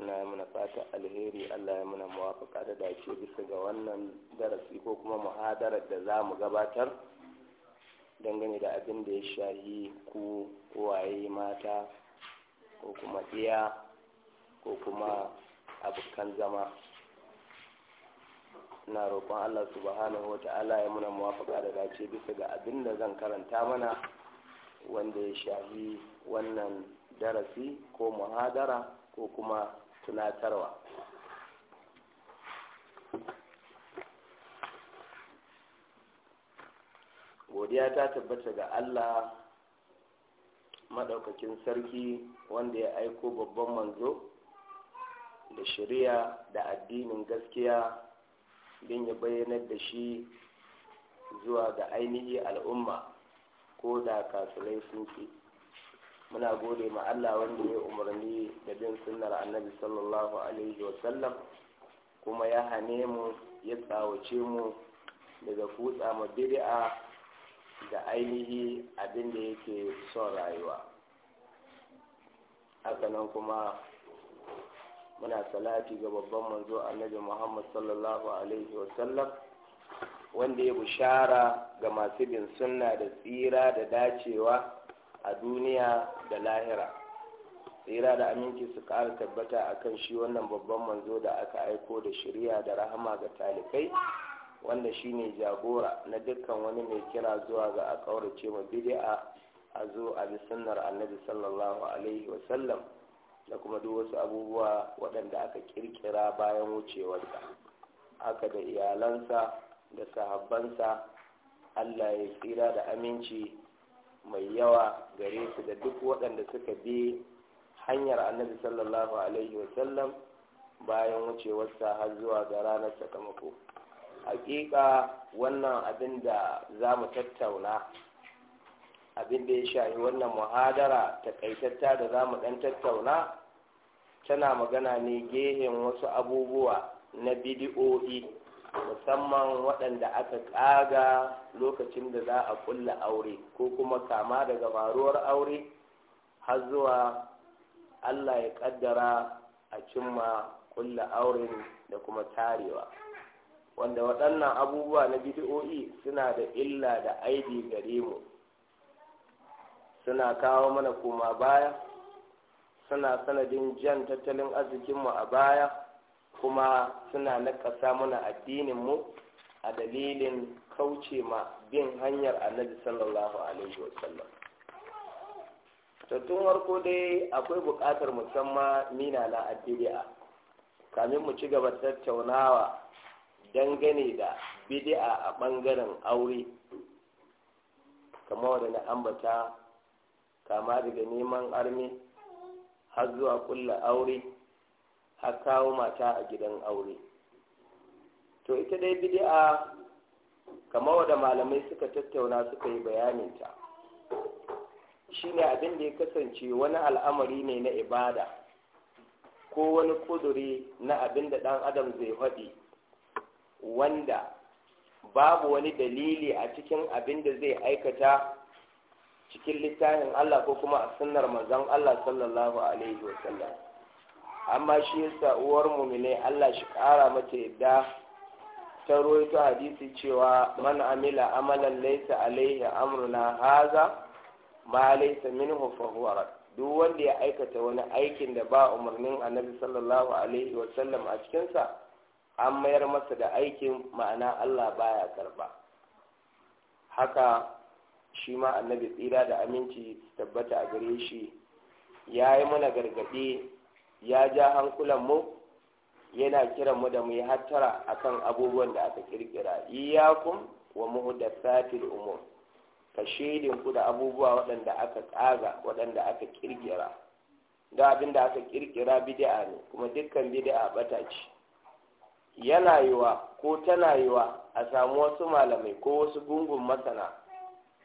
ina muna fata alheri Allah ya muna muwafaka da dace bisa ga wannan darasi ko kuma muhadarar da za mu gabatar dangane da abin da ya shahi ku waye mata ko kuma iya ko kuma abokan zama na roƙon Allah subhanahu wa ta'ala ya muna muwafaka da dace bisa ga abin da zan karanta mana wanda ya shafi wannan darasi ko muhadara ko kuma tunatarwa godiya ta tabbata ga allah maɗaukakin sarki wanda ya aiko babban manzo da shari'a da addinin gaskiya don ya bayyanar da shi zuwa ga ainihi al'umma ko da kafirai sun ce muna gode ma Allah wanda ya umarni da bin sunnar annabi sallallahu alaihi wa sallam kuma ya hane mu ya tsawace mu daga kutsa ma bid'a da ainihi abin da yake son rayuwa nan kuma muna salati ga babban manzo annabi Muhammad sallallahu alaihi wa sallam wanda ya bushara ga masu bin sunna da tsira da dacewa a duniya da lahira tsira da aminci su ƙara tabbata a kan shi wannan babban manzo da aka aiko da shirya da rahama ga talibai wanda shine jagora na dukkan wani mai kira zuwa ga a ƙaurace ma bid'a a zo a bi sunnar annabi sallallahu alaihi wasallam da kuma duk wasu abubuwa waɗanda aka kirkira bayan wucewarsa haka da iyalansa da sahabbansa Allah ya tsira da aminci mai yawa gare su da duk waɗanda suka bi hanyar annabi sallallahu alaihi wasallam bayan wucewarsa har zuwa ga ranar sakamako hakika wannan abin da za mu tattauna abin da ya shahi wannan muhadara takaitatta da za mu ɗan tattauna tana magana ne gehen wasu abubuwa na bidi'o'i musamman waɗanda aka ƙaga lokacin da za a ƙulla aure ko kuma kama daga faruwar aure har zuwa allah ya ƙaddara a cimma ƙulla auren da kuma tarewa wanda waɗannan abubuwa na bidi'o'i suna da illa da aibi gare mu suna kawo mana koma baya suna sanadin jan tattalin arzikinmu a baya kuma suna nakasa mana addinin mu a dalilin kauce ma bin hanyar annabi sallallahu alaihi wasallam to tun warko dai akwai buƙatar musamman mina na addi'a kamin mu ci gaba tattaunawa dangane da bidi'a a ɓangaren aure kamar wadda na ambata kama daga neman armi har zuwa kulla aure a kawo mata a gidan aure to ita dai bid'a kamar wadda malamai suka tattauna suka yi bayaninta shine abin da ya kasance wani al'amari ne na ibada ko wani kuduri na abin da ɗan adam zai faɗi wanda babu wani dalili a cikin abin da zai aikata cikin littafin Allah ko kuma a sunnar manzon Allah sallallahu alaihi wasallam amma shi yasa uwar mumine Allah shi kara mata yadda ta ruwaito hadisi cewa man amila amalan laysa alaihi amruna haza ma laysa minhu fa huwa duk wanda ya aikata wani aikin da ba umarnin annabi sallallahu alaihi wa sallam a cikin sa an mayar masa da aikin ma'ana Allah baya karba haka shi ma annabi tsira da aminci tabbata a gare shi ya mana gargaɗe ya ja mu yana kiran mu da mu yi hattara akan abubuwan da aka kirkira iyakum wa muhdathatil umur ka shedin ku da abubuwa waɗanda aka tsaga waɗanda aka kirkira da abin aka kirkira bid'a ne kuma dukkan bid'a bata ce yana yiwa ko tana yiwa a samu wasu malamai ko wasu gungun masana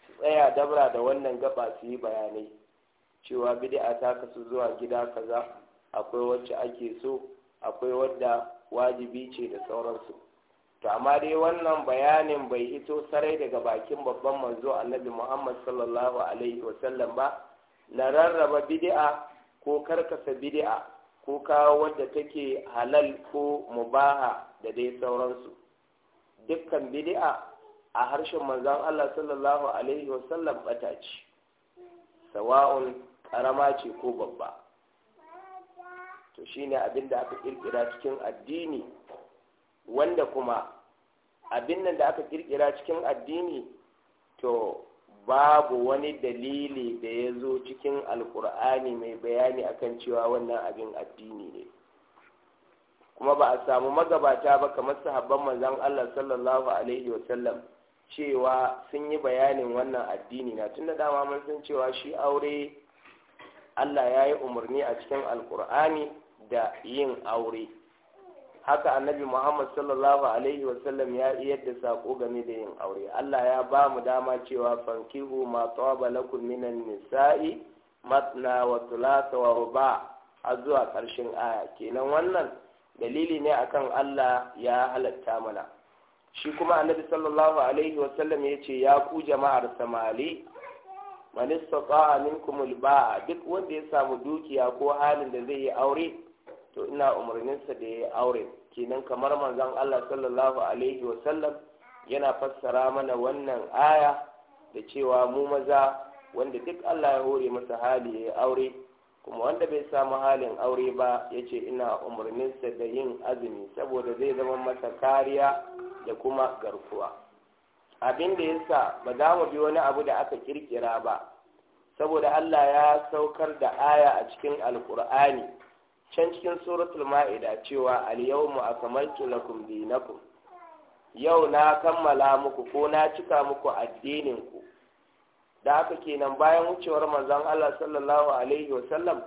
su tsaya dabra da wannan gaba su yi bayanai cewa bid'a ta kasu zuwa gida kaza akwai wacce ake so akwai wadda wajibi ce da sauransu to amma dai wannan bayanin bai ito sarai daga bakin babban manzo annabi muhammad sallallahu alaihi wasallam ba na rarraba bid'a ko karkasa bid'a ko kawo wadda take halal ko mubaha da dai sauransu dukkan bid'a a harshen manzon Allah sallallahu alaihi wasallam bata ce sawa'un karama ce ko babba to shi ne abin da aka kirkira cikin addini wanda kuma abin nan da aka kirkira cikin addini to babu wani dalili da ya zo cikin alkur'ani mai bayani akan cewa wannan abin addini ne kuma ba a samu magabata ba kamar sahabban manzon Allah sallallahu alaihi wasallam cewa sun yi bayanin wannan addini na tun da dama mun san cewa shi aure Allah ya yi umarni a cikin alkur'ani da yin aure haka annabi muhammad sallallahu alaihi wasallam ya iyar da sako game da yin aure allah ya ba mu dama cewa fankihu ma tawaba lakum minan nisa'i matna wa thulatha wa ruba a zuwa ƙarshen aya kenan wannan dalili ne akan allah ya halatta mana shi kuma annabi sallallahu alaihi wasallam ya ce ya ku jama'ar samali man istata'a minkum al duk wanda ya samu dukiya ko halin da zai yi aure to ina umarninsa da ya aure kenan kamar manzon Allah sallallahu alaihi wa sallam yana fassara mana wannan aya da cewa mu maza wanda duk Allah ya hore masa hali ya aure kuma wanda bai samu halin aure ba ya ce ina umarninsa da yin azumi saboda zai zama masa kariya da kuma garkuwa abin da yasa ba za mu bi wani abu da aka kirkira ba saboda Allah ya saukar da aya a cikin alkur'ani can cikin suratul ma'ida cewa al-yawma akmaltu lakum dinakum yau na kammala muku ko na cika muku addinin ku da haka kenan bayan wucewar manzon Allah sallallahu alaihi wasallam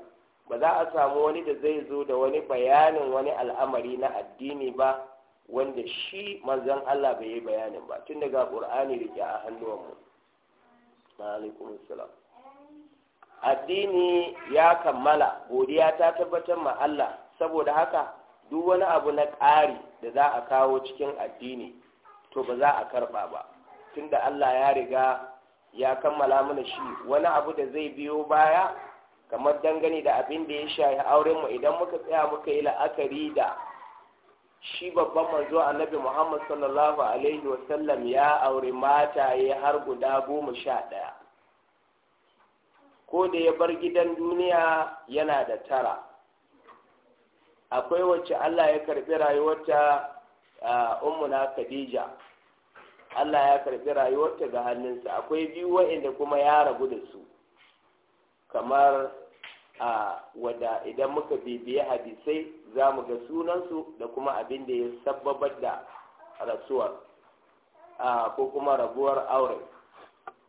ba za a samu wani da zai zo da wani bayanin wani al'amari na addini ba wanda shi manzon Allah bai yi bayanin ba tun daga Qur'ani rike a hannuwanmu. Wa alaikumus addini ya kammala godiya ta tabbatar ma Allah saboda haka duk wani abu na ƙari da za a kawo cikin addini to ba za a karɓa ba tunda Allah ya riga ya kammala mana shi wani abu da zai biyo baya kamar dangane da abin da ya shahi auren mu idan muka tsaya muka yi la'akari da shi babban manzo annabi Muhammad sallallahu alaihi sallam ya aure mata mataye har guda goma sha ɗaya ko da ya bar gidan duniya yana da tara akwai wacce Allah ya karbi rayuwarta ummuna Khadija Allah ya karbi rayuwarta ga hannunsa akwai biyu wa'inda kuma ya rabu da su kamar a wada idan muka bibiye hadisai za mu ga sunansu da kuma abin da ya sababar da rasuwar ko kuma rabuwar aure.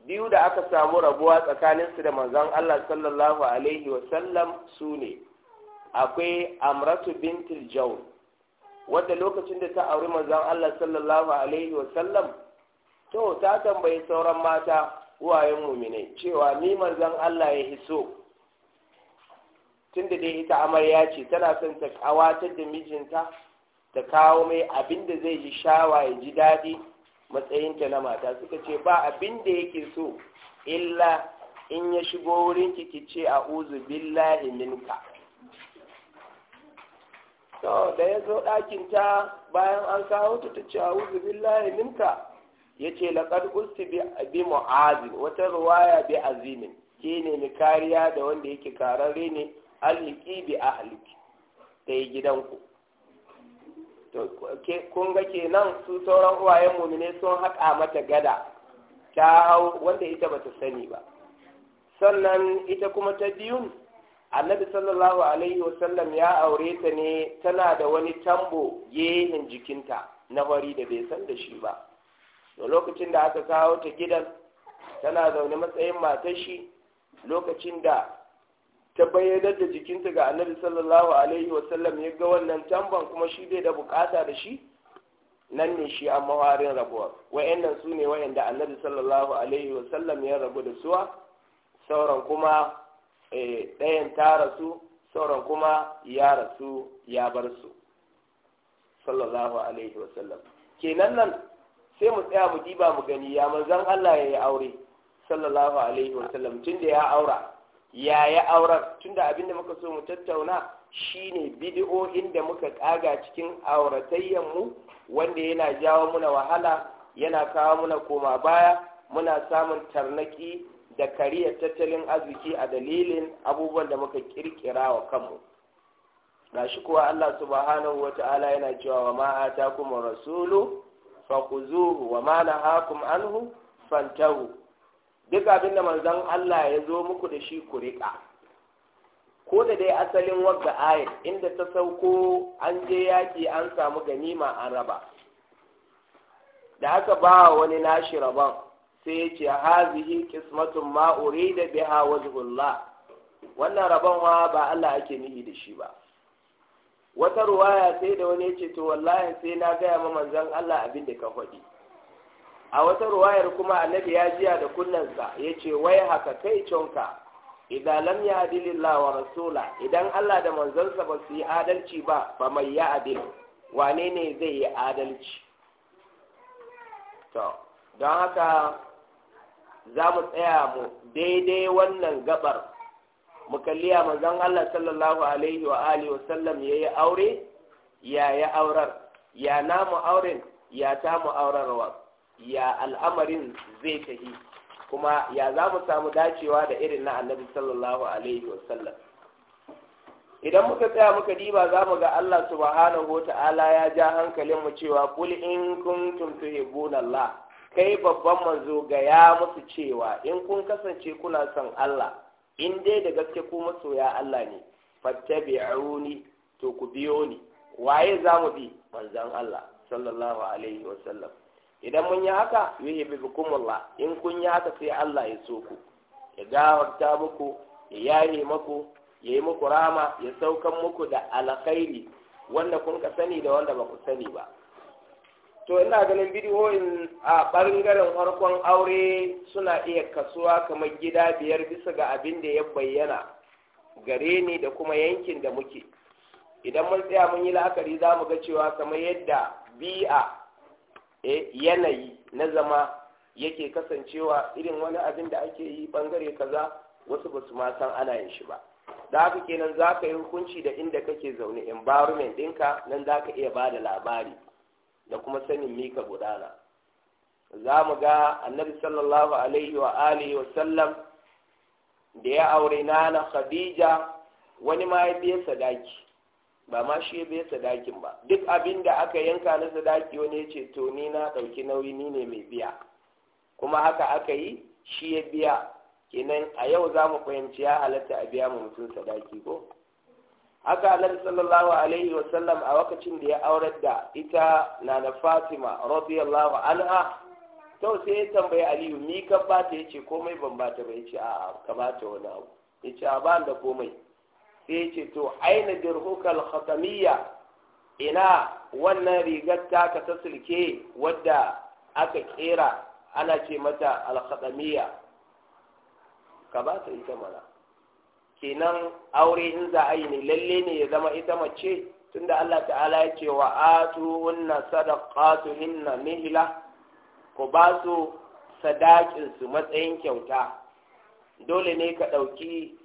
biyu da aka samu rabuwa tsakaninsu da manzon Allah sallallahu alaihi wasallam su ne akwai amratu bintil jaun wadda lokacin da ta auri manzon Allah sallallahu alaihi wasallam to ta tambayi sauran mata uwayen mumine cewa ni manzon Allah ya hiso tunda dai ita amarya ce tana son ta kawatar da mijinta ta kawo mai abin da zai ji shawa ya ji daɗi matsayinta na mata suka ce ba abin da yake so illa in ya shigo wurin ki ce a uzu billahi minka to da ya zo ɗakinta bayan an kawo ta ce a uzu billahi minka ya ce laƙar usti bi mu'azin wata ruwaya bi azimin ke ne ni kariya da wanda yake kararre ne alhiki bi ahliki ta yi gidanku Kunga kun ga kenan su sauran uwayen mumine sun haƙa mata gada ta hau wanda ita bata sani ba sannan ita kuma ta biyun annabi sallallahu alaihi wasallam ya aure ta ne tana da wani tambo yehin jikinta na wari da bai san da shi ba da lokacin da aka kawo ta gidan tana zaune matsayin matashi lokacin da ta bayyanar da jikinta ga annabi sallallahu alaihi wasallam ya ga wannan tamban kuma shi bai da bukata da shi nan ne shi amma harin rabuwa wa'annan su ne wa'anda annabi sallallahu alaihi wasallam ya rabu da suwa sauran kuma eh, ɗayan ta rasu sauran kuma ya rasu ya bar su sallallahu alaihi wasallam kenan nan sai mu tsaya mu diba mu gani ya manzon Allah ya yi aure sallallahu alaihi wasallam tun da ya aura yaya auren tunda abinda muka so mu tattauna shine bidiyo da muka kaga cikin auratayyan mu wanda yana jawo muna wahala yana kawo muna koma baya muna samun tarnaki da kariya tattalin arziki a dalilin abubuwan da muka kirkira wa kanmu gashi kuwa Allah subhanahu wata'ala yana cewa wa ma kuma rasulu fakuzuhu wa ma nahakum anhu fantahu duk abin da manzon Allah ya zo muku da shi ku riƙa ko da dai asalin wadda aya inda ta sauko an je yaƙi an samu ganima an raba da aka ba wani nashi rabon sai ya ce hazihi qismatun ma urida biha wajhullah wannan rabon wa ba Allah ake nihi da shi ba wata ruwaya sai da wani ya ce to wallahi sai na gaya ma manzon Allah abin da ka faɗi a wata ruwayar kuma annabi ya jiya da kunnensa ya ce wai haka kai conka idan lam ya adili wa rasula idan Allah da manzansa ba su yi adalci ba ba mai ya adil wane ne zai yi adalci to don haka za mu tsaya mu daidai wannan gabar mu kalli a manzan Allah sallallahu alaihi wa alihi wa sallam yayi aure ya ya aurar ya namu auren ya ta mu aurarwa ya al'amarin zai tafi kuma ya za mu samu dacewa da irin na annabi sallallahu alaihi wasallam idan muka tsaya muka diba za mu ga Allah subhanahu wa ta'ala ya ja hankalin mu cewa qul in kuntum tuhibbuna Allah kai babban manzo ga ya musu cewa in kun kasance kuna son Allah in dai da gaske ku masoya Allah ne fattabi'uni to ku biyo ni waye za mu bi manzon Allah sallallahu alaihi wasallam idan mun yi haka hukumullah in kun yi haka sai Allah ya so ku ya gawarta muku ya yare muku ya yi muku rama ya saukan muku da alkhairi wanda kun ka sani da wanda ba ku sani ba to ina ganin bidiyoyin a ɓangaren farkon aure suna iya kasuwa kamar gida biyar bisa ga abin da ya bayyana gare ni da kuma yankin da muke idan mun tsaya mun yi la'akari za mu ga cewa kamar yadda bi'a Eh, yanayi na zama yake kasancewa irin wani abin da ake yi bangare kaza wasu ba su ma san ana yin shi ba da haka kenan za ka yi hukunci da inda kake zaune environment ɗinka nan za ka iya ba da labari da kuma sanin mika gudana za mu ga annabi sallallahu alaihi wa alihi wa sallam da ya aure nana khadija wani ma ya biya sadaki ba ma shi bai sadakin ba duk abin da aka yanka na sadaki wani ya ce to ni na ɗauki nauyi ni ne mai biya kuma haka aka yi shi ya biya kenan a yau za mu fahimci ya halatta a biya mu mutum sadaki ko haka annabi sallallahu alaihi wa sallam a lokacin da ya aurar da ita na na Fatima radiyallahu anha to sai ya tambayi Aliyu mi ka bata yace komai ban bata ba yace a'a ka bata wani abu yace a ba da komai sai ce to aina dirhukal khatamiyya ina wannan rigar taka ta silke wadda aka kera ana ce mata alkhatamiyya ka ba ta ita mana kenan aure in za a yi ne lalle ne ya zama ita mace tunda Allah ta'ala ya ce wa sadaqatu hinna mihla ku ba su su matsayin kyauta dole ne ka ɗauki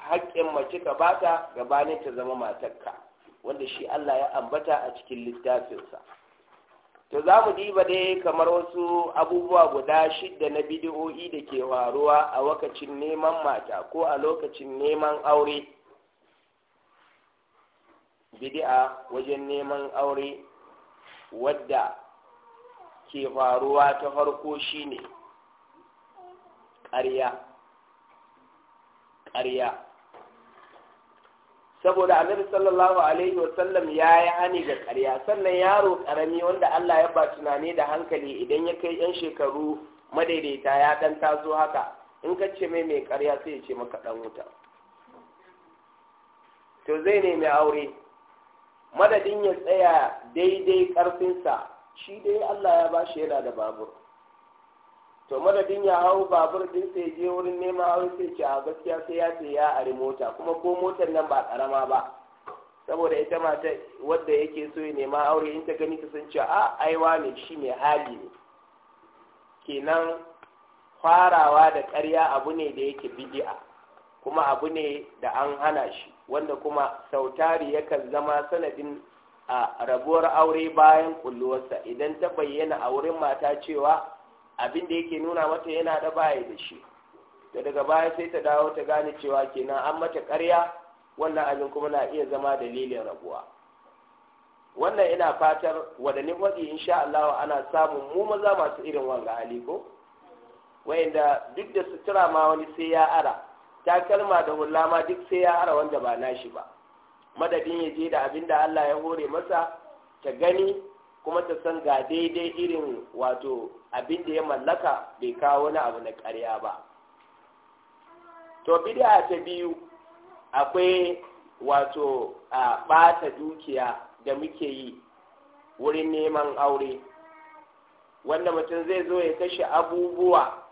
haƙƙin mace ka bata gabanin ta zama matarka wanda shi Allah ya ambata a cikin littafinsa to za mu diba dai kamar wasu abubuwa guda shidda na bidiyo'i da ke faruwa a lokacin neman mata ko a lokacin neman aure bidi'a wajen neman aure wadda ke faruwa ta farko shine ƙarya ƙarya saboda annabi sallallahu alaihi wasallam ya yi hani ga ƙarya sannan yaro ƙarami wanda Allah ya ba tunani da hankali idan ya kai 'yan shekaru madaidaita ya ɗan taso haka in ka ce mai mai ƙarya sai ya ce maka ɗan wuta to zai nemi aure madadin ya tsaya daidai ƙarfinsa shi dai Allah ya ba shi yana da babur to madadin ya hau babur din sai je wurin neman aure sai ce a gaskiya sai ya ce ya ari mota kuma ko motar nan ba karama ba saboda ita mata wadda yake so ya nema aure in ta gani ta san cewa a aiwa ne shi mai hali ne kenan farawa da karya abu ne da yake bidi'a kuma abu ne da an hana shi wanda kuma sautari yakan zama sanadin a rabuwar aure bayan kulluwarsa idan ta bayyana a wurin mata cewa abin da yake nuna mata yana da baya da shi da daga baya sai ta dawo ta gane cewa kenan an mata karya wannan abin kuma na iya zama dalilin rabuwa wannan ina fatar wadannan waɗi insha Allah ana samun mu maza masu irin wanga hali ko wayanda duk da sutura ma wani sai ya ara ta kalma da hulama duk sai ya ara wanda ba nashi ba madadin ya je da abin da Allah ya hore masa ta gani kuma ta san ga daidai irin wato abin da ya mallaka bai kawo wani abu na ƙarya ba to bid'a ta biyu akwai wato a ɓata dukiya da muke yi wurin neman aure wanda mutum zai zo ya kashe abubuwa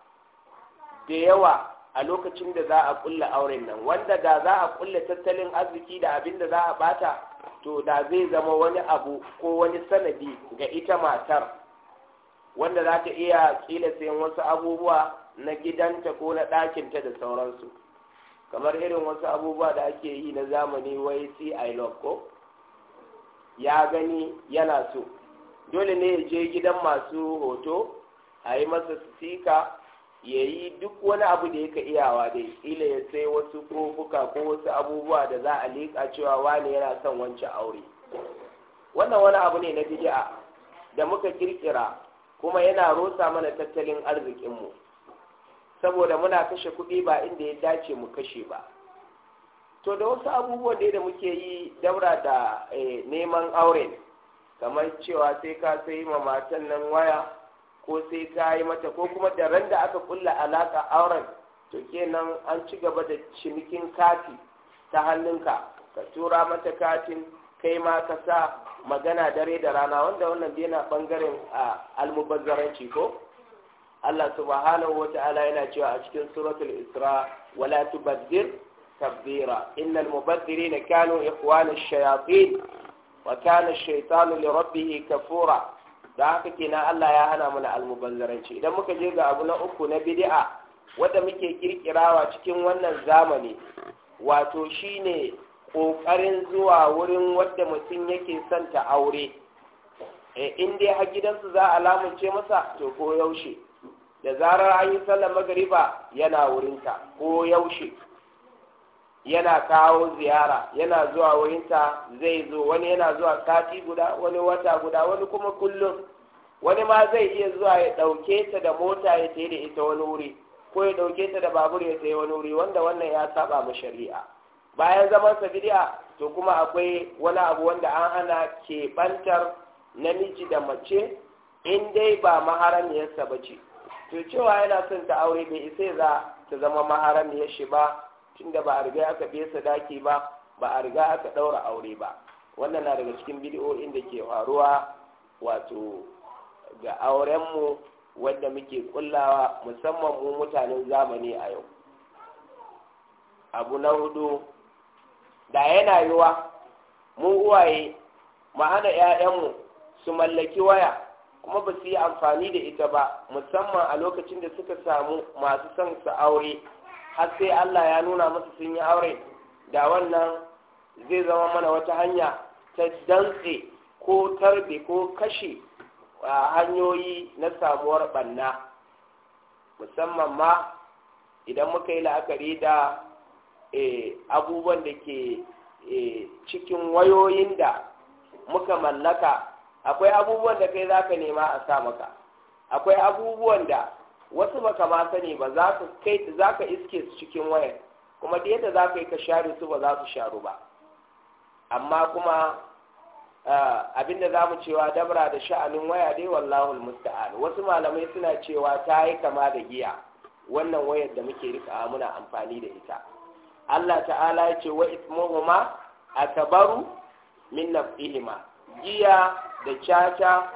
da yawa a lokacin da za a ƙulla auren nan wanda da za a ƙulla tattalin arziki da abin da za a ɓata. to da zai zama wani abu ko wani sanadi ga ita matar wanda za ta iya kila sayan wasu abubuwa na gidanta ko na ɗakinta da sauransu kamar irin wasu abubuwa da ake yi na zamani wai si i love ko ya gani yana so dole ne ya je gidan masu hoto a yi masa sika ya yi duk wani abu da yake iyawa dai ila ya wasu kofuka ko wasu abubuwa da za a liƙa cewa wani yana son wancan aure wannan wani abu ne na bid'a da muka kirkira kuma yana rosa mana tattalin arzikinmu saboda muna kashe kuɗi ba inda ya dace mu kashe ba to da wasu abubuwan da muke yi daura da eh, neman aure kamar cewa sai ka sai ma matan nan waya ko sai ka yi mata ko kuma da ran da aka kulla alaka auren to kenan an ci gaba da cinikin kati ta hannunka ka tura mata katin kai ma ka sa magana dare da rana wanda wannan yana bangaren almubazzaranci ko Allah subhanahu wa ta'ala yana cewa a cikin suratul Isra wala tubazzir tabdira innal mubadzirina kanu ikhwana ash-shayatin wa kana ash-shaytanu li rabbihi kafura da haka kenan Allah ya hana mana almubazzaranci idan muka je ga abu na uku na bid'a wadda muke kirkirawa cikin wannan zamani wato shine ƙoƙarin zuwa wurin wadda mutum yake son ta aure e in dai har gidansu za a lamunce masa to ko yaushe da zarar an yi sallar magariba yana wurinta ko yaushe yana kawo ziyara yana zuwa wurinta zai zo wani yana zuwa sati guda wani wata guda wani kuma kullum wani ma zai iya zuwa ya ɗauke ta da mota ya tafi da ita wani wuri ko ya ɗauke ta da babur ya sayi wani wuri wanda wannan ya saba ma shari'a bayan zaman sa bid'a to kuma akwai wani abu wanda an hana keɓantar namiji da mace in dai ba maharamiyarsa ba ce to cewa yana son ta aure bai isa za ta zama maharamiyar shi ba tunda ba a riga aka biya sadaki ba ba a riga aka ɗaura aure ba wannan na daga cikin bidiyoyin da ke faruwa wato ga aurenmu Wanda muke kullawa musamman mu mutanen zamani a yau abu na hudu da yana yiwa mu uwaye mu hana 'ya'yanmu su mallaki waya kuma ba su yi amfani da ita ba musamman a lokacin da suka samu masu son su aure har sai Allah ya nuna masu sun yi aure da wannan zai zama mana wata hanya ta dantse ko tarbe ko kashe A hanyoyi na samuwar ɓanna musamman ma idan muka yi la'akari da eh, abubuwan da ke eh, cikin wayoyin da muka mallaka akwai abubuwan da kai za ka nema a sa maka akwai abubuwan da wasu baka ma sani ba za ka iske su cikin wayar kuma da yadda za ka yi ka share su ba za su sharu ba amma kuma Ah, abinda za mu cewa dabra da sha'anin waya dai wallahu musta'an wasu malamai suna cewa ta yi kama da giya wannan wayar da muke rika muna amfani da ita Allah ta'ala ya ce wa ismuhuma akabaru min nafihima giya da caca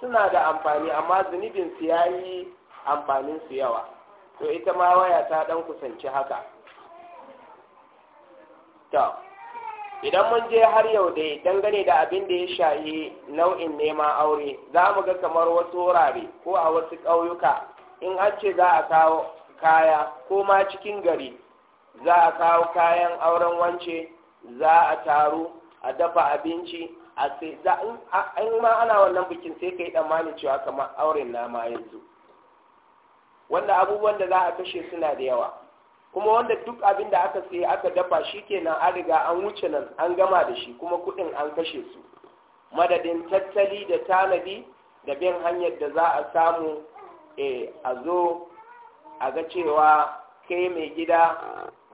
suna da amfani amma zunubin su yayi amfanin su yawa to ita ma waya ta dan kusanci haka to idan mun je har yau dai dangane da abin da ya shahi nau'in neman aure za mu ga kamar wasu wurare ko a wasu ƙauyuka in an ce za a kawo kaya ko ma cikin gari za a kawo kayan auren wance za a taru a dafa abinci a sai in ma ana wannan bikin sai ka yi tsammanin cewa kamar auren nama yanzu wanda abubuwan da za a kashe suna da yawa kuma wanda duk abin da aka saye aka dafa shi kenan an riga an wuce nan an gama da shi kuma kuɗin an kashe su madadin tattali da tanadi da bin hanyar da za a samu eh, a zo a ga cewa kai mai gida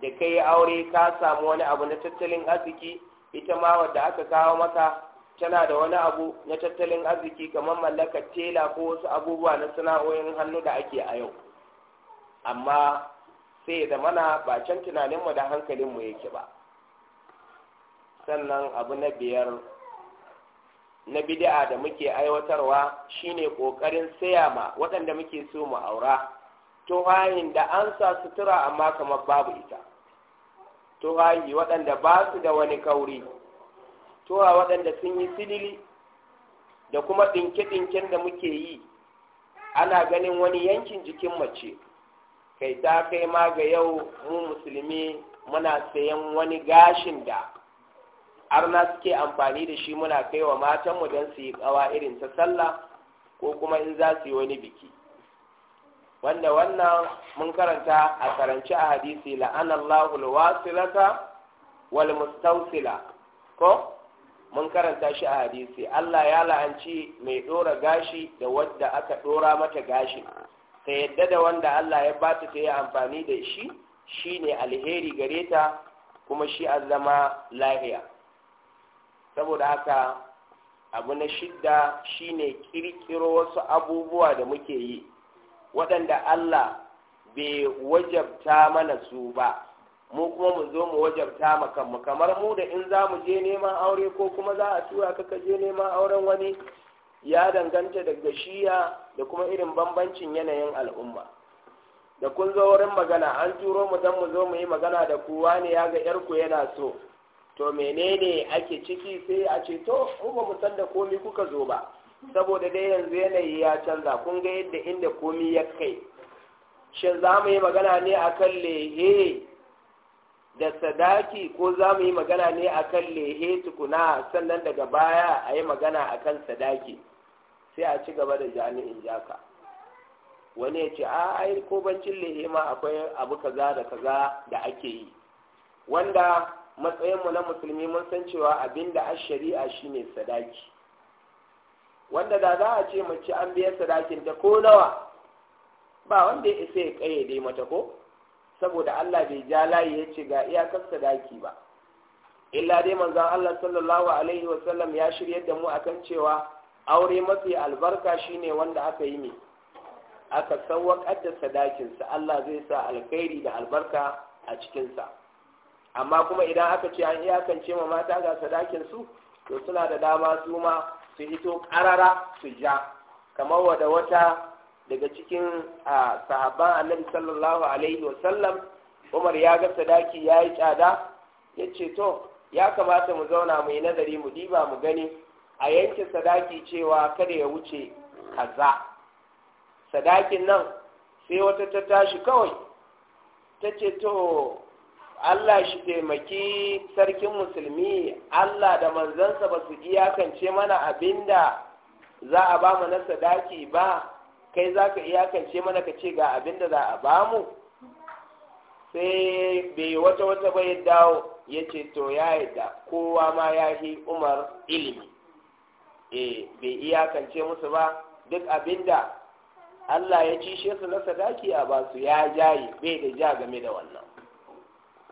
da kai aure ka samu wani abu na tattalin arziki ita ma wadda aka kawo maka tana da wani abu na tattalin arziki kamar mallakar tela ko wasu abubuwa na sana'o'in hannu da ake a yau amma sai da mana ba can tunaninmu da hankalinmu yake ba sannan abu na biyar na bid'a da muke aiwatarwa shine ƙoƙarin saya ma waɗanda muke so mu aura tuhayin da an sa sutura amma kamar babu ita tuhayi waɗanda ba su da wani kauri tuha waɗanda sun yi silili da kuma ɗinke-ɗinken da muke yi ana ganin wani yankin jikin mace kai ta kai ma ga yau mu musulmi muna sayan wani gashin da arna suke amfani da shi muna kai wa matanmu don su yi kawa irin ta sallah ko kuma in za su yi wani biki wanda wannan mun karanta a karanci a hadisi la'anallahu alwasilata wal mustawsila ko mun karanta shi a hadisi Allah ya la'anci mai ɗora gashi da wadda aka ɗora mata gashi ta yadda da wanda Allah ya ba ta yi amfani da shi shine alheri gare ta kuma shi a zama lahiya saboda haka abu na shidda shine kirkiro wasu abubuwa da muke yi waɗanda Allah bai wajabta mana su ba mu kuma mu zo mu wajabta ma kamar mu da in za mu je neman aure ko kuma za a tura ka je neman auren wani ya danganta daga shiya da kuma irin bambancin yanayin al'umma da kun zo wurin magana an turo mu don mu zo mu yi magana da kowa ne ya ga yarku yana so to menene ake ciki sai a ce to mu ba mu san da komi kuka zo ba saboda dai yanzu yanayi ya canza kun ga yadda inda komi ya kai shin za mu yi magana ne akan lehe da sadaki ko za mu yi magana ne akan lehe tukuna sannan daga baya a yi magana kan sadaki sai a ci gaba da jami'in jaka wani ya ce a ai ko bancin lehema akwai abu kaza da kaza da ake yi wanda matsayinmu na musulmi mun san cewa abinda da a shari'a shine sadaki wanda da za a ce mace an biya sadakin ta ko nawa ba wanda ya isa ya kayyade mata ko saboda Allah bai ja layi ya ce ga iyakar sadaki ba illa dai manzon Allah sallallahu alaihi wasallam ya shiryar da mu akan cewa aure mafi albarka shine wanda aka yi mai aka sauwaƙar da sadakinsa Allah zai sa alkhairi da albarka a cikinsa amma kuma idan aka ce an iyakance ma mata ga sadakinsu to suna da dama su ma su hito ƙarara su ja kamar wada wata daga cikin sahabban annabi sallallahu alaihi wasallam umar ya ga sadaki ya yi tsada ya ce to ya kamata mu zauna mu yi nazari mu diba mu gani a yanke sadaki cewa kada ya wuce kaza sadakin nan sai wata ta tashi kawai ta ce to Allah shi taimaki sarkin musulmi Allah da manzansa ba su iyakance mana abinda za a ba mu na sadaki ba kai za ka iyakance mana ka ce ga abinda za a ba mu sai bai wata wata bai dawo ya ce to ya da kowa ma ya yi umar ilimi eh bai iyakance musu ba duk abinda Allah ya ci shi su na sadaki a ba su ya jayi bai da ja game da wannan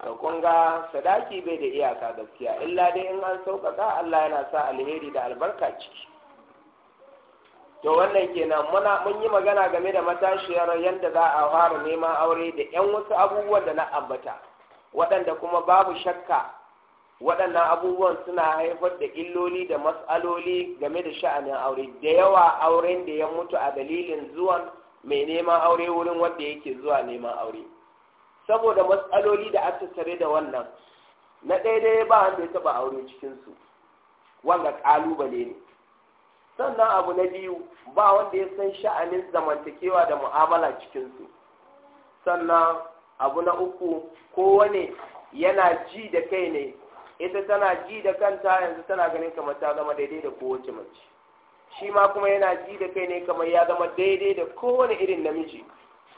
to kun ga sadaki bai da iyaka gaskiya illa dai in an sauƙaƙa Allah yana sa alheri da albarka ciki to wannan kenan muna mun yi magana game da matashiyar yadda za a fara neman aure da 'yan wasu abubuwan da na ambata waɗanda kuma babu shakka waɗannan abubuwan suna haifar da illoli da matsaloli game da sha'anin aure da yawa auren da ya mutu a dalilin zuwan mai neman aure wurin wanda yake zuwa neman aure saboda matsaloli da aka tare da wannan na daidai ba wanda ya taɓa aure cikinsu wanga ƙalubale ne sannan abu na biyu ba wanda ya san sha'anin zamantakewa da mu'amala cikinsu sannan abu na uku kowane yana ji da kai ne ita tana ji da kanta yanzu tana ganin kamar ta zama daidai da kowace mace shi ma kuma yana ji da kai ne kamar ya zama daidai da kowane irin namiji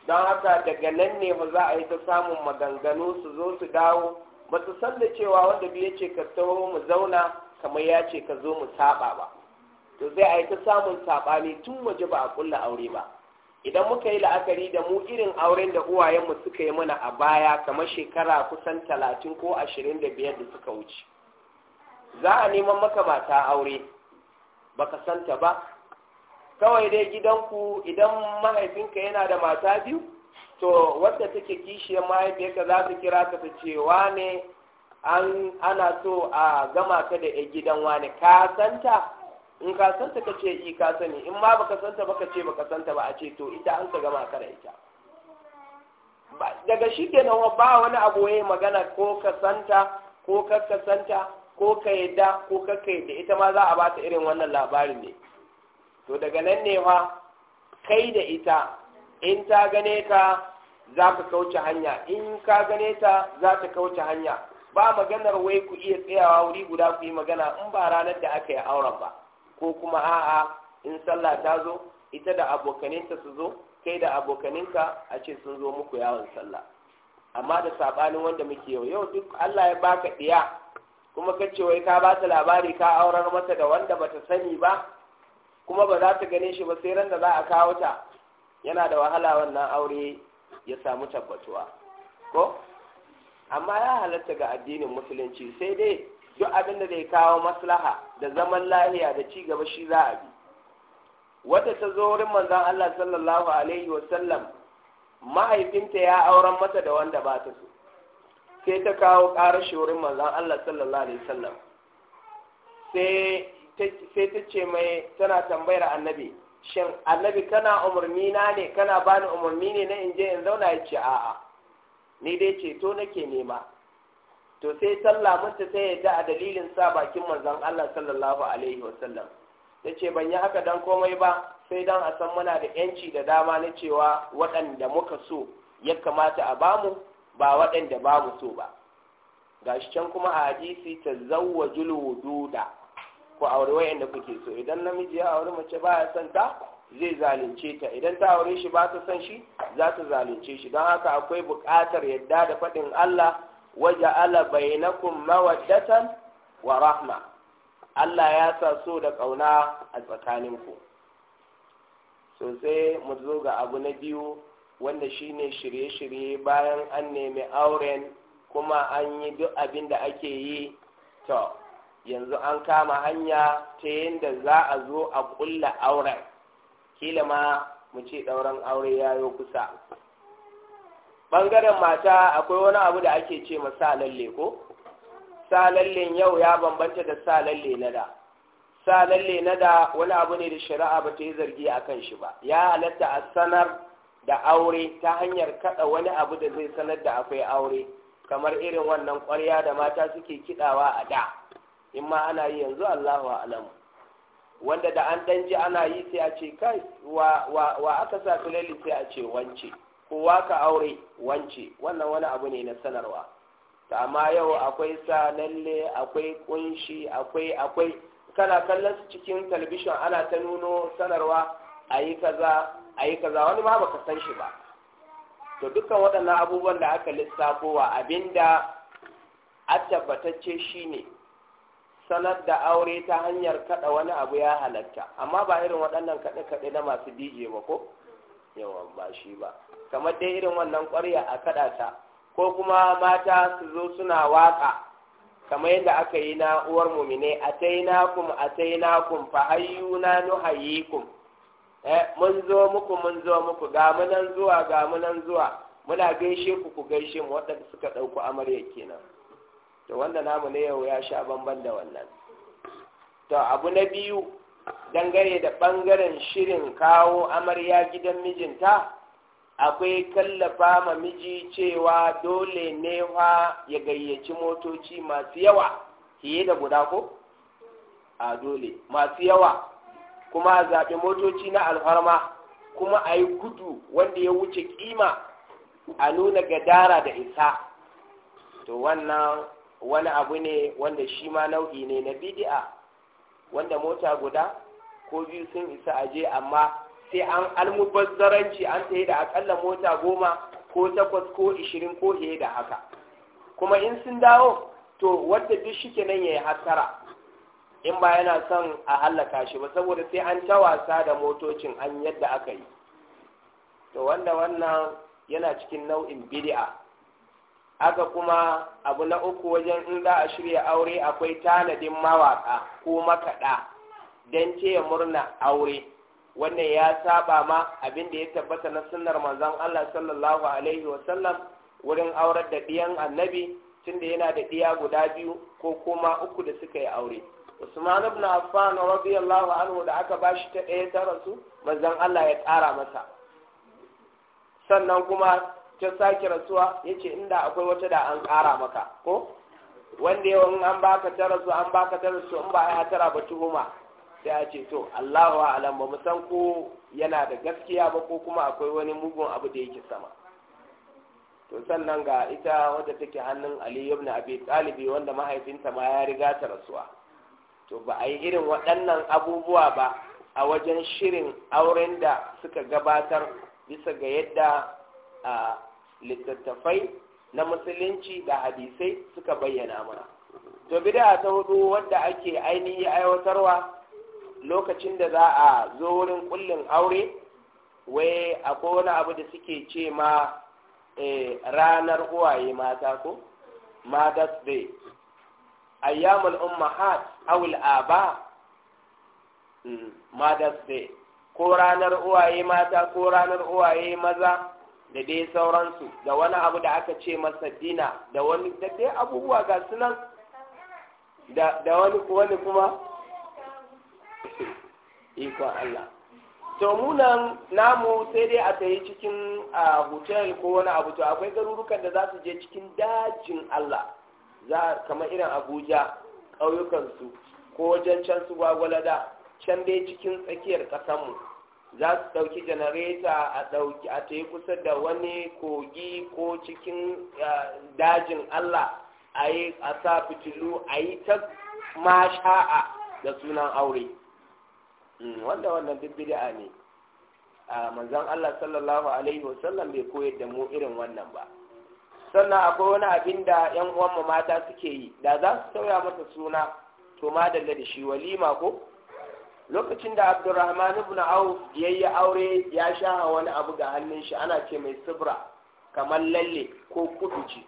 don haka daga nan ne ba za a yi ta samun maganganu su zo su dawo ba su san da cewa wanda biya ce ka taho mu zauna kamar ya ce ka zo mu saɓa ba to zai a yi ta samun saɓani tun waje ba a kulla aure ba idan muka yi la'akari da mu irin auren da uwayenmu suka yi mana a baya kamar shekara kusan talatin ko ashirin da biyar da suka wuce za a neman maka mata aure baka santa ba kawai dai gidanku idan mahaifinka yana da mata biyu to wadda take kishiyar mahaifiyarka za su kira ka ta ce ne ana so a gama ka da 'yan gidan wane ka santa in ka santa ka ce i ka sani in ma baka santa baka ce baka santa ba a ce to ita an ka gama kara ita daga shi nan ba wani abu ya magana ko ka santa ko ka ka santa ko ka yadda ko ka ka yadda ita ma za a ba ta irin wannan labarin ne to daga nan ne fa kai da ita in ta gane ka za ka kauce hanya in ka gane ta za ta kauce hanya ba maganar wai ku iya tsayawa wuri guda ku yi magana in ba ranar da aka yi auren ba ko kuma a'a in sallah ta zo ita da abokaninta su zo kai da abokaninka a ce sun zo muku yawon sallah amma da sabanin wanda muke yau yau duk Allah ya baka ɗiya kuma ka ce wai ka ba ta labari ka aurar mata da wanda bata sani ba kuma ba za ta gane shi ba sai ran da za a kawo ta yana da wahala wannan aure ya samu tabbatuwa ko amma ya halatta ga addinin musulunci sai dai duk abin da zai kawo maslaha da zaman lahiya da ci gaba shi za a bi wata ta zo wurin manzon Allah sallallahu alaihi wa sallam mahaifinta ya auren mata da wanda ba ta so sai ta kawo ƙara shi wurin manzon Allah sallallahu alaihi wa sallam sai ta ce mai tana tambayar annabi shin annabi kana umarni na ne kana bani umarni ne na inje in zauna ya ce a'a ni dai ceto nake nema to sai sallamunta sai yadda a dalilin sa bakin manzon Allah sallallahu alaihi wasallam yace ban yi haka dan komai ba sai dan a san muna da yanci da dama na cewa waɗanda muka so ya kamata a bamu ba waɗanda ba mu so ba gashi can kuma a hadisi ta tazawwajul wududa ku auri wayanda kuke so idan namiji ya aure mace ba ya son ta zai zalunce ta idan ta aure shi ba ta son shi za ta zalunce shi don haka akwai buƙatar yadda da faɗin Allah waja'ala bainakum mawaddatan wa rahma Allah ya sa so da ƙauna a tsakaninku so sai mu zo ga abu na biyu wanda shine shirye-shirye bayan an nemi auren kuma an yi duk abin da ake yi to yanzu an kama hanya ta yadda za a zo a ƙulla auren kila ma mu ce ɗauren aure ya yi kusa ɓangaren mata akwai wani abu da ake ce ma sa lalle ko sa lalle yau ya bambanta da sa lalle na da sa lalle na da wani abu ne da shari'a ba ta yi zargi a kan shi ba ya halatta a sanar da aure ta hanyar kada wani abu da zai sanar da akwai aure kamar irin wannan ƙwarya da mata suke kiɗawa a da in ma ana yi yanzu Allahu a'lamu wanda da an ɗan ji ana yi sai a ce kai wa aka sa lalle sai a ce wance kowa ka aure wance wannan wani abu ne na sanarwa ta amma yau akwai sa lalle akwai kunshi akwai akwai kana kallon su cikin talabishin ana ta nuno sanarwa a yi kaza a yi kaza wani ma ba ka san shi ba to dukkan waɗannan abubuwan da aka lissafowa abinda a tabbatacce shine sanar da aure ta hanyar kaɗa wani abu ya halatta amma ba irin waɗannan kaɗe-kaɗe na masu dj ba ko yawan ba shi ba kamar dai irin wannan ƙwarya a kaɗa ko kuma mata su zo suna waƙa kamar yadda aka yi na uwar mumine a tainakum a tainakum fa nu nuhayyikum eh mun zo muku mun zo muku ga mu nan zuwa ga mu nan zuwa muna gaishe ku ku gaishe mu waɗanda suka ɗauko amarya kenan to wanda namu ne yau ya sha bamban da wannan to abu na biyu Dangare da ɓangaren shirin kawo amarya gidan mijinta akwai kallafa ma miji cewa dole ne fa ya gayyaci motoci masu yawa fiye da guda ko? a dole masu yawa kuma a zaɓi motoci na alfarma kuma a yi gudu wanda ya wuce kima a nuna gadara da isa to wannan wani abu ne wanda shi ma nau'i ne na bidi'a wanda mota guda ko biyu sun isa aje amma sai an almubazzaranci an ta da akalla mota goma ko takwas ko ishirin ko fiye da haka kuma in sun dawo to wadda duk shi kenan ya yi hattara in ba yana son a hallaka shi ba saboda sai an ta wasa da motocin an yadda aka yi to wanda wannan yana cikin nau'in bid'a aka kuma abu na uku wajen in za a shirya aure akwai tanadin mawaƙa ko makaɗa don ya murna aure wannan ya saba ma abin da ya tabbata na sunnar manzon Allah sallallahu alaihi wasallam wurin aurar da ɗiyan annabi tunda yana da ɗiya guda biyu ko kuma uku da suka yi aure Usman ibn Affan radiyallahu anhu da aka bashi ta ɗaya ta rasu manzon Allah ya ƙara masa sannan kuma ta sake rasuwa ya ce inda akwai wata da an kara maka ko wanda yawan an baka ta rasu an baka ta rasu in ba ya tara ba tuhuma sai a ce to Allahu a'lam ba mu san ko yana da gaskiya ba ko kuma akwai wani mugun abu da yake sama to sannan ga ita wadda take hannun Ali ibn Abi Talib wanda mahaifinta ma ya riga ta rasuwa to ba a yi irin waɗannan abubuwa ba a wajen shirin auren da suka gabatar bisa ga yadda a littattafai na musulunci da hadisai suka bayyana mana to bid'a ta hudu wadda ake ainihi aiwatarwa lokacin da za a zo wurin kullin aure wai akwai wani abu da suke ce ma eh, ranar uwaye mata ko mother's day ayyamul ummahat awul aba mm, mother's day ko ranar uwaye mata ko ranar uwaye maza da dai sauransu da wani abu da aka ce masa dina da wani da dai abubuwa ga sunan da da wani wani kuma ikon Allah to nan namu sai dai a tayi cikin a hotel ko wani abu to akwai garurukan da za su je cikin dajin Allah za kamar irin Abuja ƙauyukansu ko wajen can su gwagwalada can dai cikin tsakiyar mu za su ɗauki janareta a ɗauki a ta yi kusa da wani kogi ko cikin dajin Allah a yi a sa fitilu a yi ta masha'a da sunan aure hmm, wanda wannan duk bid'a ne a manzan Allah sallallahu alaihi wasallam bai koyar da mu irin wannan ba sannan akwai wani abin da yan uwan mata suke yi da za su sauya masa suna to ma da shi walima ko lokacin da abdurrahman ibn auf yayi aure ya sha wani abu ga hannun shi ana ce mai sibra kamar lalle ko ci.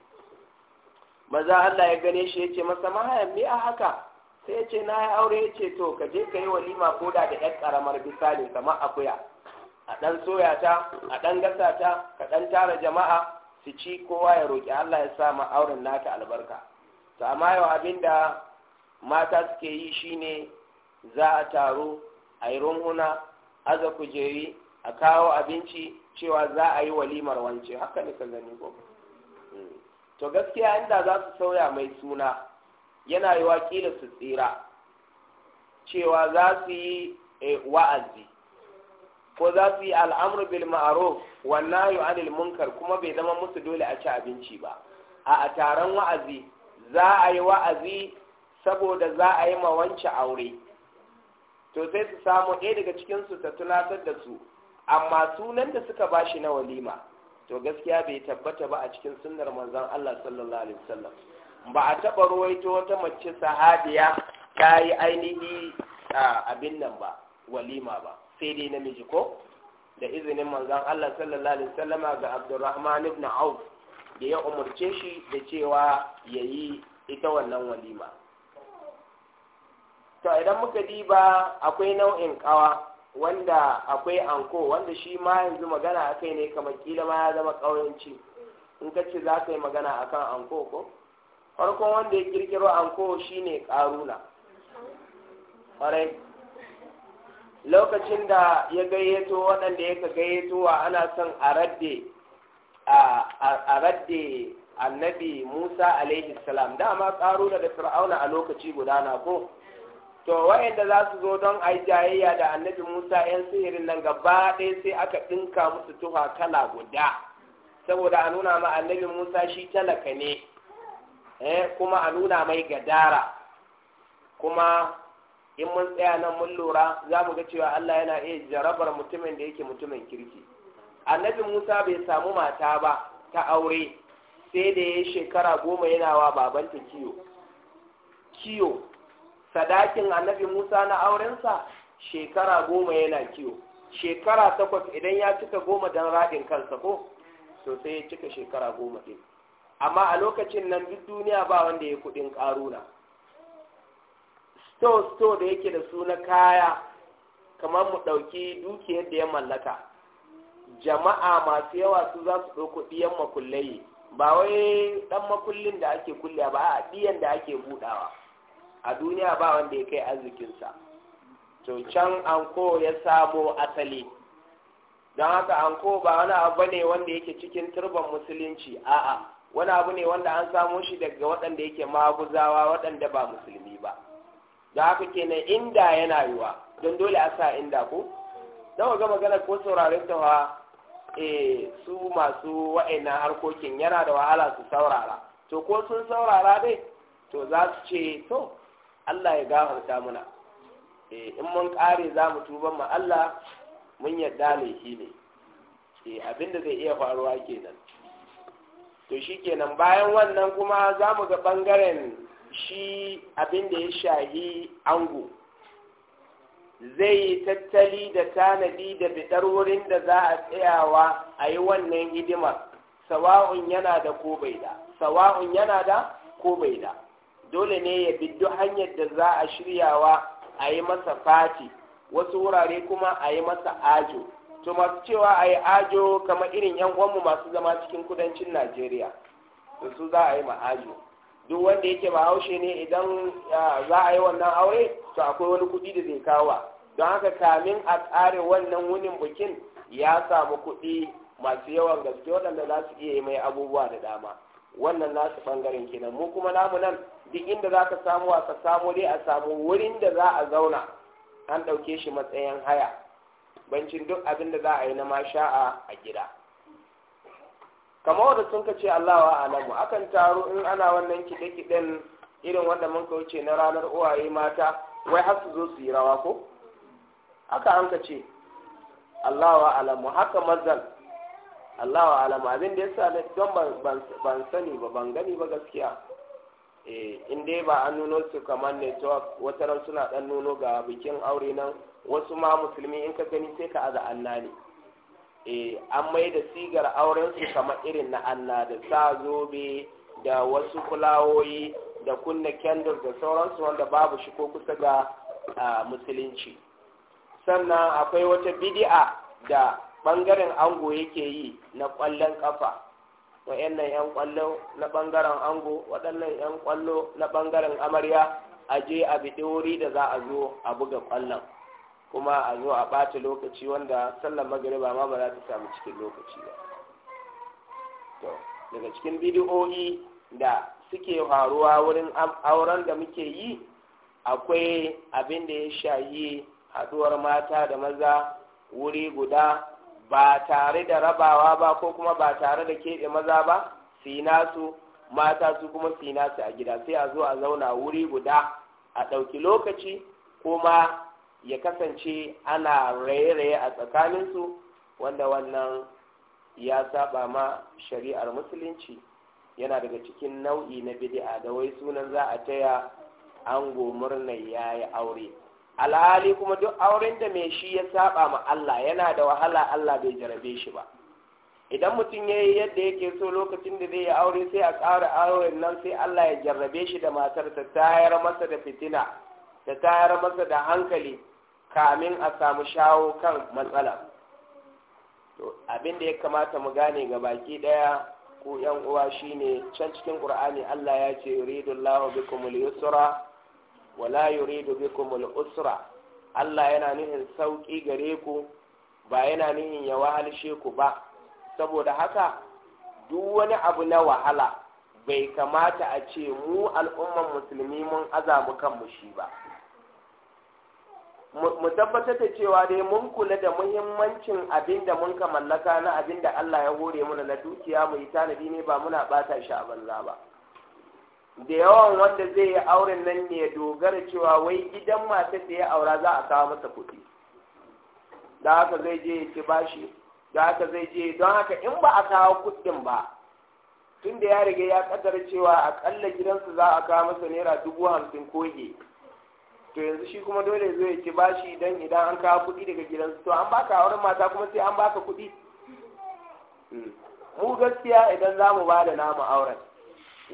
maza Allah ya gane shi yace masa mahaya me a haka sai yace na yi aure yace to ka je ka walima koda da yar karamar bisali kamar akuya a dan soya ta a dan gasa ta ka dan tara jama'a su ci kowa ya roki Allah ya sa ma auren naka albarka to amma yau abinda mata suke yi shine za a taro a yi runhuna aza kujeri a kawo abinci cewa za a yi walimar wance haka ne kan ko hmm. to gaskiya inda za su sauya mai suna yana yi wakila su tsira cewa za su yi eh, wa'azi ko za su yi al'amur bil ma'ruf wannan yi anil munkar kuma bai zama musu dole a ci abinci ba a a taron wa'azi za a yi wa'azi saboda za a yi ma wance aure to sai su samu ɗaya daga cikinsu ta tunatar da su amma sunan da suka ba shi na walima to gaskiya bai tabbata ba a cikin sunnar manzon Allah sallallahu alaihi wasallam ba a taɓa ruwaito wata mace sahabiya ta yi ainihi abin nan ba walima ba sai dai namiji ko da izinin manzon Allah sallallahu alaihi wasallam ga Abdurrahman ibn Auf da ya umurce shi da cewa yayi ita wannan walima to idan muka diba akwai nau'in kawa wanda akwai anko wanda shi ma yanzu magana akai ne kamar kila ma ya zama ƙauyanci in ka ce za ka yi magana akan anko ko farkon wanda ya kirkiro anko shine karuna ƙwarai lokacin da ya gayyato waɗanda ya ka gayyatowa ana son a radde annabi musa alaihi salam dama ƙaruna da fir'auna a lokaci guda na ko to waɗanda za su zo don a yi jayayya da annabi musa yan sihirin nan gaba ɗaya sai aka ɗinka musu tuha kala guda saboda a nuna ma annabi musa shi talaka ne eh kuma a nuna mai gadara kuma in mun tsaya nan mun lura za mu ga cewa allah yana iya jarabar mutumin da yake mutumin kirki annabi musa bai samu mata ba ta aure sai da ya shekara goma yana wa babanta kiyo kiyo sadakin annabi musa na aurensa shekara goma yana kiwo shekara takwas idan ya cika goma don raɗin kansa ko to sai ya cika shekara goma ɗin amma a lokacin nan duk duniya ba wanda ya kuɗin ƙaruna sto-sto da yake da suna na kaya kamar mu ɗauki dukiyar da ya mallaka jama'a masu yawa su za su ɗauko ɗiyan makullai ba wai ɗan makullin da ake kulle ba a ɗiyan da ake buɗawa a duniya ba wanda ya kai arzikinsa to can anko ya samo asali don haka anko ba wani abu ne wanda yake cikin turban musulunci a'a wani abu ne wanda an samo shi daga waɗanda yake maguzawa waɗanda ba musulmi ba da haka kenan inda yana yiwa don dole a sa inda ko don ga magana ko saurare ta wa eh, su masu wa'annan harkokin yana da wahala su saurara to ko sun saurara dai to za su ce to Allah ya gafarta muna eh in mun kare za mu tuba ma Allah mun yarda ne shi ne eh abinda zai iya faruwa kenan to shi kenan bayan wannan kuma za mu ga ɓangaren shi abinda ya shahi ango zai yi tattali da tanadi da bidar wurin da za a tsayawa a yi wannan hidima sawa'un yana da ko bai da sawa'un yana da ko bai da dole ne ya bi duk hanyar da za a shiryawa a yi masa fati wasu wurare kuma a yi masa ajo to masu cewa a yi ajo kamar irin yan uwanmu masu zama cikin kudancin najeriya to su za a yi ma ajo duk wanda yake bahaushe ne idan za a yi wannan aure to akwai wani kuɗi da zai kawo don haka kamin a tsare wannan wunin bikin ya samu kuɗi masu yawan gaske waɗanda za su iya yi mai abubuwa da dama wannan nasu bangaren kenan mu kuma namu nan duk inda za ka samu a ka samu dai a samu wurin da za a zauna an ɗauke shi matsayin haya bancin duk abin da za a yi na masha'a a gida kamar wanda sun ka ce Allah wa alamu akan taru in ana wannan kiɗe-kiɗen irin wanda mun wuce na ranar uwaye mata wai har su zo su yi rawa ko haka an ka ce Allah wa alamu haka mazal Allahu alam abin da yasa na don ban sani ba ban gani ba gaskiya eh in dai ba an nuno su kamar network wata ran suna dan nuno ga bikin aure nan wasu ma musulmi in ka gani sai ka aza anna ne eh an mai da sigar auren su kamar irin na anna da sa zobe da wasu fulawoyi da kunna candles da sauransu wanda babu shi ko kusa ga ah, musulunci sannan akwai wata bid'a da ɓangaren ango yake yi na ƙwallon ƙafa wa'annan 'yan ƙwallo na ɓangaren ango waɗannan 'yan ƙwallo na ɓangaren amarya a je a bi wuri da za a zo a buga ƙwallon kuma a zo a ɓata lokaci wanda sallar magariba ma ba za ta samu cikin lokaci ba to daga cikin bidiyo'i da suke faruwa wurin auren da muke yi akwai abin da ya shayi haɗuwar mata da maza wuri guda ba tare da rabawa ba ko kuma ba tare da keɓe maza ba su nasu mata su kuma su nasu a gida sai a zo a zauna wuri guda a ɗauki lokaci kuma ya kasance ana raye-raye a tsakaninsu wanda wannan ya saba ma shari'ar musulunci yana daga cikin nau'i na bidi'a, da wai sunan za a taya ango murnar yayi aure alhali kuma duk auren da mai shi ya saba ma Allah yana da wahala Allah bai jarabe shi ba idan mutum ya yi yadda yake so lokacin da zai yi aure sai a tsara auren nan sai Allah ya jarrabe shi da matar ta tayar masa da fitina ta tayar masa da hankali kamin a samu shawo kan matsala to abin da ya kamata mu gane ga baki ɗaya ko yan uwa shine can cikin qur'ani Allah ya ce yuridullahu bikumul yusra wala yuridu bikum al-usra Allah yana nihin sauki gare ku ba yana nihin ya wahalshe ku ba saboda haka duk wani abu na wahala bai kamata a ce mu al'umman musulmi mun azamu kanmu shi ba mu tabbatar da cewa dai mun kula da muhimmancin abin da mun mallaka na abin da Allah ya hore mana na dukiya mu yi tanadi ne ba muna bata shi a banza ba da yawan wanda zai yi auren nan ne ya dogara cewa wai gidan mata da ya aura za a kawo masa kuɗi da haka zai je ci bashi da haka zai je don haka in ba a kawo kuɗin ba tun da ya riga ya kaddara cewa akalla gidansu za a kawo masa naira dubu hamsin koge to yanzu shi kuma dole zai ci bashi don idan an kawo kuɗi daga gidansu to an baka auren mata kuma sai an baka kuɗi hmm. mu gaskiya idan za mu ba da namu auren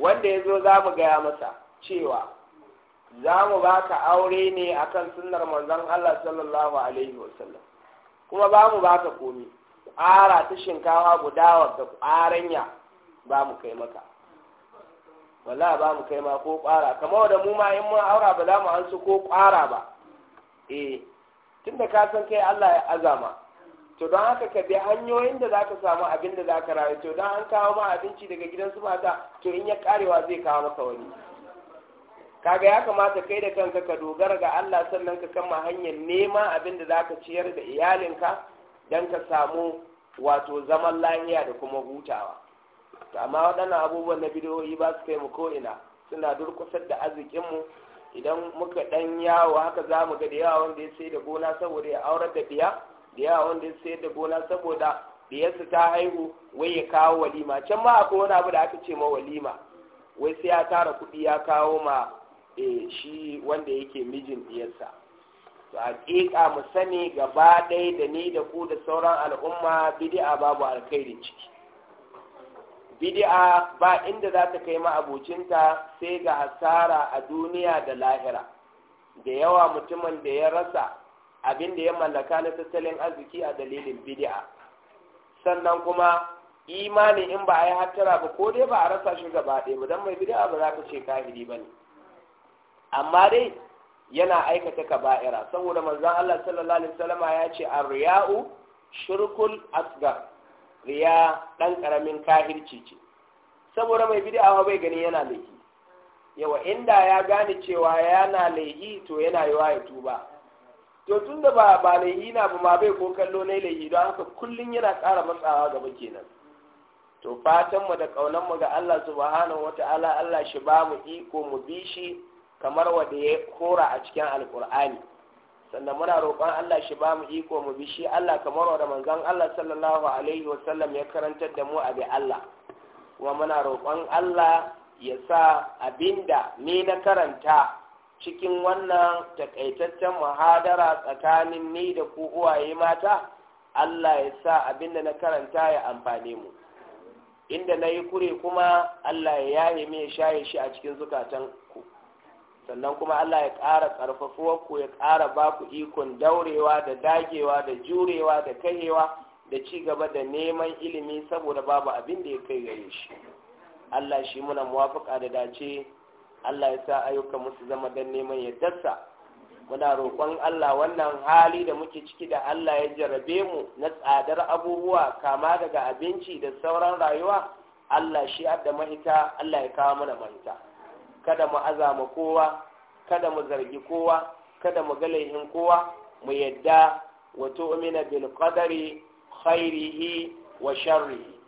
wanda ya zo za mu gaya masa cewa za mu baka aure ne akan sunar manzon Allah sallallahu alaihi wasallam kuma ba mu baka komi ƙara ta shinkawa guda wadda ƙaranya ba mu kai maka wala ba mu kai ma ko ƙwara kamar da mu ma in mun aura ba za mu an su ko ƙwara ba eh tunda ka san kai Allah ya azama to don haka ka bi hanyoyin da zaka samu abin da zaka rayu to don an kawo ma abinci daga gidan su mata to in ya karewa zai kawo maka wani kaga ya kamata kai da kanka ka dogara ga Allah sannan ka kama hanyar nema abin da za ka ciyar da iyalinka don ka samu wato zaman lahiya da kuma hutawa to amma waɗannan abubuwan na bidiyoyi ba su kai mu ko ina suna durƙusar da arzikin mu idan muka ɗan yawo haka za mu ga da yawa wanda ya sai da gona saboda ya aurar da biya da yawa wanda ya sayar da gona saboda ya ta haihu wai ya kawo walima can ma akwai wani abu da aka ce ma walima wai sai ya tara kuɗi ya kawo ma eh, shi wanda yake mijin diyarsa to haƙiƙa mu sani gaba ɗaya da ni da ku da sauran al'umma bidi'a babu alkhairin ciki bidi'a ba inda za ta kai ma'abocinta sai ga hasara a duniya da lahira da yawa mutumin da ya rasa abin da ya mallaka na tattalin arziki a dalilin bidi'a. sannan kuma imani in ba a yi hattara ba ko dai ba a rasa shi gaba ɗaya ba don mai bid'a ba za ka ce kahiri ba ne amma dai yana aikata kaba'ira saboda manzon Allah sallallahu alaihi wasallama ya ce a riyau shirkul asgar riya dan karamin kahirci ce saboda mai bid'a bai gani yana laifi yawa inda ya gane cewa yana laifi to yana yiwa ya tuba to tun da ba ba na ba ma bai ko kallo na Yi, don haka kullum yana ƙara matsawa gaba kenan to fatan mu da kaunan mu ga Allah subhanahu wata'ala Allah shi ba mu iko mu bi shi kamar wanda ya kora a cikin alkur'ani sannan muna roƙon Allah shi ba mu iko mu bi shi Allah kamar wanda manzon Allah sallallahu alaihi wasallam ya karantar da mu a bi Allah kuma muna roƙon Allah ya sa abinda ne na karanta cikin wannan takaitaccen muhadara tsakanin ni da ku uwaye mata Allah ya sa abin da na karanta ya amfane mu inda na yi kure kuma Allah ya yaye mai shaye shi a cikin zukatan ku sannan kuma Allah ya ƙara ƙarfafuwar ku ya ƙara ba ku ikon daurewa da dagewa da jurewa da kahewa da ci gaba da neman ilimi saboda babu abin da ya kai gare shi Allah shi muna muwafaƙa da dace Allah ya sa ayyukan musu zama dan neman yardarsa muna roƙon Allah wannan hali da muke ciki da Allah ya jarabe mu na tsadar abubuwa kama daga abinci da sauran rayuwa Allah shi adda mahita Allah ya kawo mana mahita kada mu azama kowa kada mu zargi kowa kada mu galaihin kowa mu yadda wa tu'mina bil qadari khairihi wa sharrihi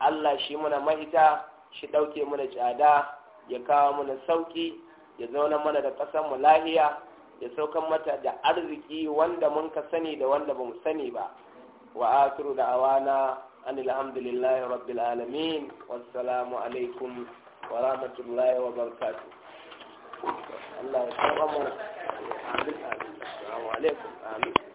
Allah shi muna mahita shi dauke muna tsada ya kawo mana sauki ya zauna mana da kasan mu lahiya ya saukan mata da arziki wanda mun ka sani da wanda bamu sani ba wa asiru da awana an alhamdulillahi rabbil alamin wassalamu alaikum wa rahmatullahi wa barakatuh Allah ya karɓa mu. alaikum. Amin.